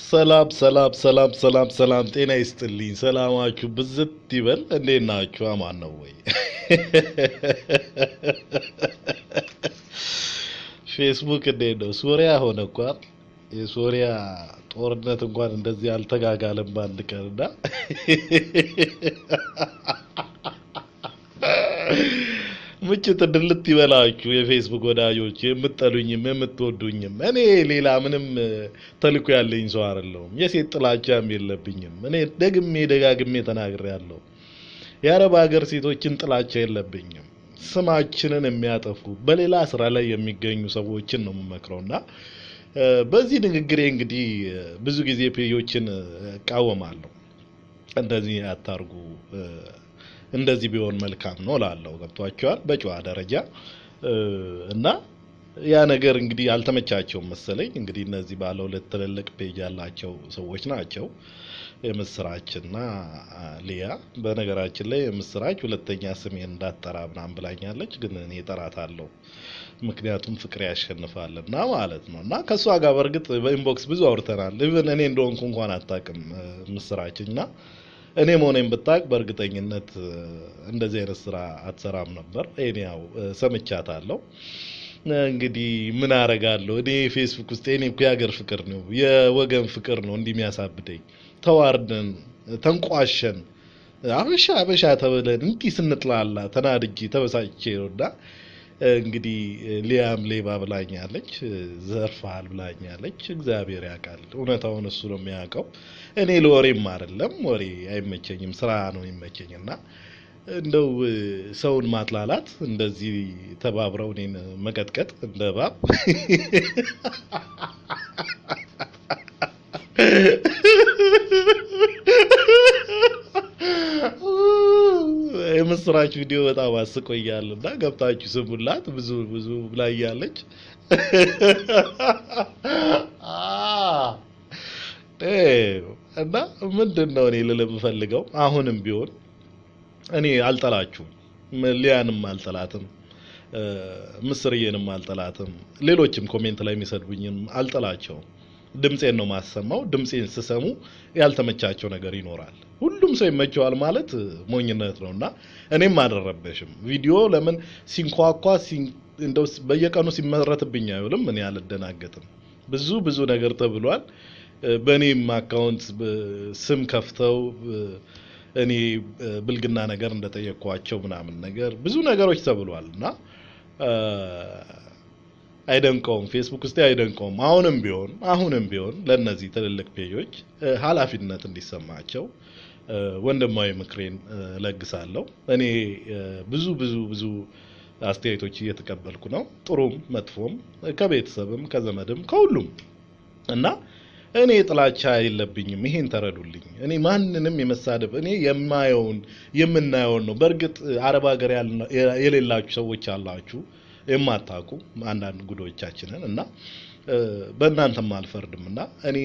ሰላም ሰላም ሰላም ሰላም ሰላም፣ ጤና ይስጥልኝ። ሰላማችሁ ብዝት ይበል። እንዴት ናችሁ? አማን ነው ወይ? ፌስቡክ እንዴት ነው? ሶሪያ ሆነ እኳ የሶሪያ ጦርነት እንኳን እንደዚህ አልተጋጋለም በአንድ ቀን ምችት ድልት ይበላችሁ የፌስቡክ ወዳጆች፣ የምጠሉኝም የምትወዱኝም። እኔ ሌላ ምንም ተልኮ ያለኝ ሰው አይደለሁም። የሴት ጥላቻም የለብኝም። እኔ ደግሜ ደጋግሜ ተናግሬያለሁ። የአረብ ሀገር ሴቶችን ጥላቻ የለብኝም። ስማችንን የሚያጠፉ በሌላ ስራ ላይ የሚገኙ ሰዎችን ነው የምመክረውና በዚህ ንግግሬ እንግዲህ ብዙ ጊዜ ፔጆችን እቃወማለሁ። እንደዚህ አታርጉ እንደዚህ ቢሆን መልካም ነው ላለው ገብቷቸዋል በጨዋ ደረጃ እና ያ ነገር እንግዲህ አልተመቻቸውም መሰለኝ። እንግዲህ እነዚህ ባለ ሁለት ትልልቅ ፔጅ ያላቸው ሰዎች ናቸው የምስራችና ሊያ። በነገራችን ላይ የምስራች ሁለተኛ ስሜን እንዳትጠራ ምናምን ብላኛለች፣ ግን እኔ እጠራታለሁ ምክንያቱም ፍቅር ያሸንፋልና ማለት ነው። እና ከእሷ ጋር በእርግጥ በኢንቦክስ ብዙ አውርተናል። ኢቨን እኔ እንደሆንኩ እንኳን አታውቅም ምስራች እኔ መሆኔን ብታቅ በእርግጠኝነት እንደዚህ አይነት ስራ አትሰራም ነበር። እኔ ያው ሰምቻታለሁ። እንግዲህ ምን አረጋለሁ እኔ ፌስቡክ ውስጥ እኔ እኮ የሀገር ፍቅር ነው የወገን ፍቅር ነው እንዲህ የሚያሳብደኝ። ተዋርደን ተንቋሸን አበሻ አበሻ ተብለን እንዲህ ስንጥላላ ተናድጄ ተበሳጭቼ ነውና እንግዲህ ሊያም ሌባ ብላኛለች፣ ዘርፋል ብላኛለች። እግዚአብሔር ያውቃል፣ እውነታውን እሱ ነው የሚያውቀው። እኔ ለወሬም አይደለም ወሬ አይመቸኝም፣ ስራ ነው የሚመቸኝ እና እንደው ሰውን ማጥላላት እንደዚህ ተባብረው እኔን መቀጥቀጥ እንደ እባብ የምስራች ቪዲዮ በጣም አስቆያል እና ገብታችሁ ስሙላት። ብዙ ብዙ ላይ ያለች እና ምንድን ነው እኔ ልል የምፈልገው አሁንም ቢሆን እኔ አልጠላችሁም፣ ሊያንም አልጠላትም፣ ምስርዬንም አልጠላትም፣ ሌሎችም ኮሜንት ላይ የሚሰድቡኝም አልጠላቸውም። ድምፄን ነው ማሰማው። ድምፄን ስሰሙ ያልተመቻቸው ነገር ይኖራል። ሁሉም ሰው ይመቸዋል ማለት ሞኝነት ነው እና እኔም አልረበሽም። ቪዲዮ ለምን ሲንኳኳ እንደው በየቀኑ ሲመረትብኝ አይውልም። እኔ አልደናገጥም። ብዙ ብዙ ነገር ተብሏል። በእኔም አካውንት ስም ከፍተው እኔ ብልግና ነገር እንደጠየኳቸው ምናምን ነገር ብዙ ነገሮች ተብሏል እና አይደንቀውም። ፌስቡክ ውስጥ አይደንቀውም። አሁንም ቢሆን አሁንም ቢሆን ለእነዚህ ትልልቅ ፔጆች ኃላፊነት እንዲሰማቸው ወንድማዊ ምክሬን እለግሳለሁ። እኔ ብዙ ብዙ ብዙ አስተያየቶች እየተቀበልኩ ነው፣ ጥሩም መጥፎም፣ ከቤተሰብም ከዘመድም ከሁሉም እና እኔ ጥላቻ የለብኝም። ይሄን ተረዱልኝ። እኔ ማንንም የመሳደብ እኔ የማየውን የምናየውን ነው። በእርግጥ አረብ ሀገር የሌላችሁ ሰዎች አላችሁ የማታውቁ አንዳንድ ጉዶቻችንን እና በእናንተም አልፈርድም እና እኔ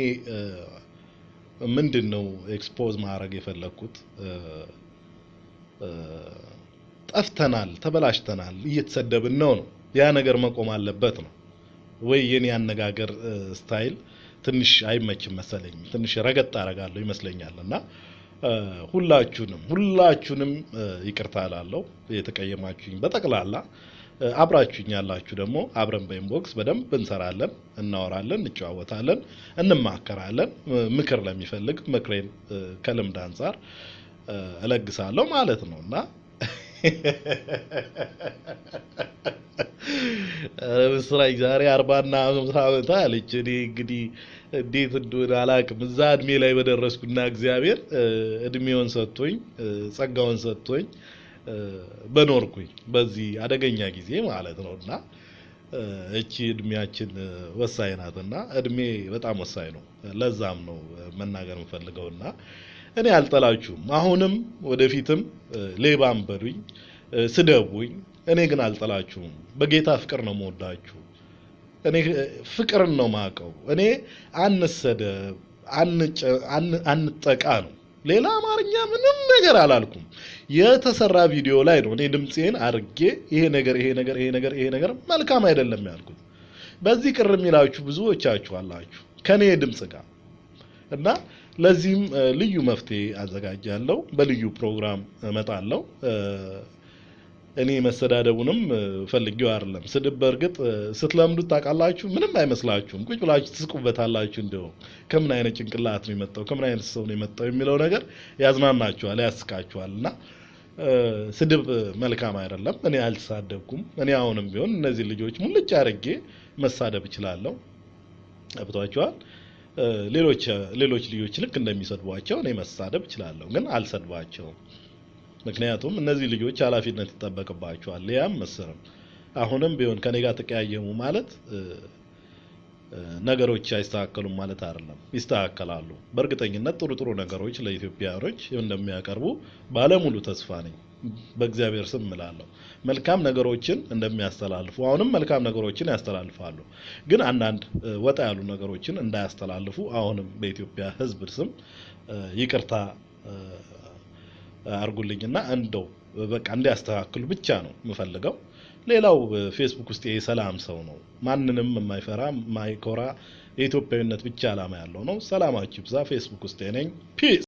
ምንድን ነው ኤክስፖዝ ማድረግ የፈለግኩት ጠፍተናል፣ ተበላሽተናል፣ እየተሰደብን ነው ነው ያ ነገር መቆም አለበት ነው ወይ? የኔ አነጋገር ስታይል ትንሽ አይመችም መሰለኝ፣ ትንሽ ረገጥ አደርጋለሁ ይመስለኛል እና ሁላችሁንም ሁላችሁንም ይቅርታ ላለው የተቀየማችሁኝ በጠቅላላ አብራችሁኝ ያላችሁ ደግሞ አብረን በኢንቦክስ በደንብ እንሰራለን፣ እናወራለን፣ እንጨዋወታለን፣ እንማከራለን። ምክር ለሚፈልግ ምክሬን ከልምድ አንጻር እለግሳለሁ ማለት ነው እና ምስራች ዛሬ አርባና አምሳ ዓመት አለች። እኔ እንግዲህ እንዴት እንደሆነ አላውቅም። እዛ እድሜ ላይ በደረስኩና እግዚአብሔር እድሜውን ሰጥቶኝ ጸጋውን ሰጥቶኝ በኖርኩኝ በዚህ አደገኛ ጊዜ ማለት ነው እና እቺ እድሜያችን ወሳኝ ናት እና እድሜ በጣም ወሳኝ ነው። ለዛም ነው መናገር የምፈልገው እና እኔ አልጠላችሁም። አሁንም ወደፊትም ሌባም በሉኝ፣ ስደቡኝ፣ እኔ ግን አልጠላችሁም። በጌታ ፍቅር ነው መወዳችሁ እኔ ፍቅርን ነው ማቀው። እኔ አንሰደብ፣ አንጠቃ ነው ሌላ አማርኛ ምንም ነገር አላልኩም። የተሰራ ቪዲዮ ላይ ነው እኔ ድምፄን አድርጌ ይሄ ነገር ይሄ ነገር ይሄ ነገር ይሄ ነገር መልካም አይደለም ያልኩት። በዚህ ቅር የሚላችሁ ብዙዎቻችሁ አላችሁ ከኔ ድምፅ ጋር እና ለዚህም ልዩ መፍትሄ አዘጋጃለሁ። በልዩ ፕሮግራም እመጣለሁ። እኔ መሰዳደቡንም ፈልጌው አይደለም። ስድብ በእርግጥ ስትለምዱት ታውቃላችሁ፣ ምንም አይመስላችሁም። ቁጭ ብላችሁ ትስቁበታላችሁ። እንዲሁ ከምን አይነት ጭንቅላት ነው የመጣው ከምን አይነት ሰው ነው የመጣው የሚለው ነገር ያዝናናችኋል፣ ያስቃችኋል። እና ስድብ መልካም አይደለም። እኔ አልተሳደብኩም። እኔ አሁንም ቢሆን እነዚህ ልጆች ሙልጭ አድርጌ መሳደብ እችላለሁ። ገብቷችኋል? ሌሎች ሌሎች ልጆች ልክ እንደሚሰድቧቸው እኔ መሳደብ እችላለሁ፣ ግን አልሰድቧቸውም። ምክንያቱም እነዚህ ልጆች ኃላፊነት ይጠበቅባቸዋል። ሊያም ምስርም አሁንም ቢሆን ከኔ ጋር ተቀያየሙ ማለት ነገሮች አይስተካከሉም ማለት አይደለም። ይስተካከላሉ። በእርግጠኝነት ጥሩ ጥሩ ነገሮች ለኢትዮጵያኖች እንደሚያቀርቡ ባለሙሉ ተስፋ ነኝ። በእግዚአብሔር ስም እላለሁ። መልካም ነገሮችን እንደሚያስተላልፉ አሁንም መልካም ነገሮችን ያስተላልፋሉ። ግን አንዳንድ ወጣ ያሉ ነገሮችን እንዳያስተላልፉ አሁንም በኢትዮጵያ ሕዝብ ስም ይቅርታ አርጉልኝና እንደው በቃ እንዲያስተካክሉ ብቻ ነው የምፈልገው። ሌላው ፌስቡክ ውስጥ የሰላም ሰው ነው፣ ማንንም የማይፈራ የማይኮራ የኢትዮጵያዊነት ብቻ አላማ ያለው ነው። ሰላማችሁ ይብዛ። ፌስቡክ ውስጥ ነኝ። ፒስ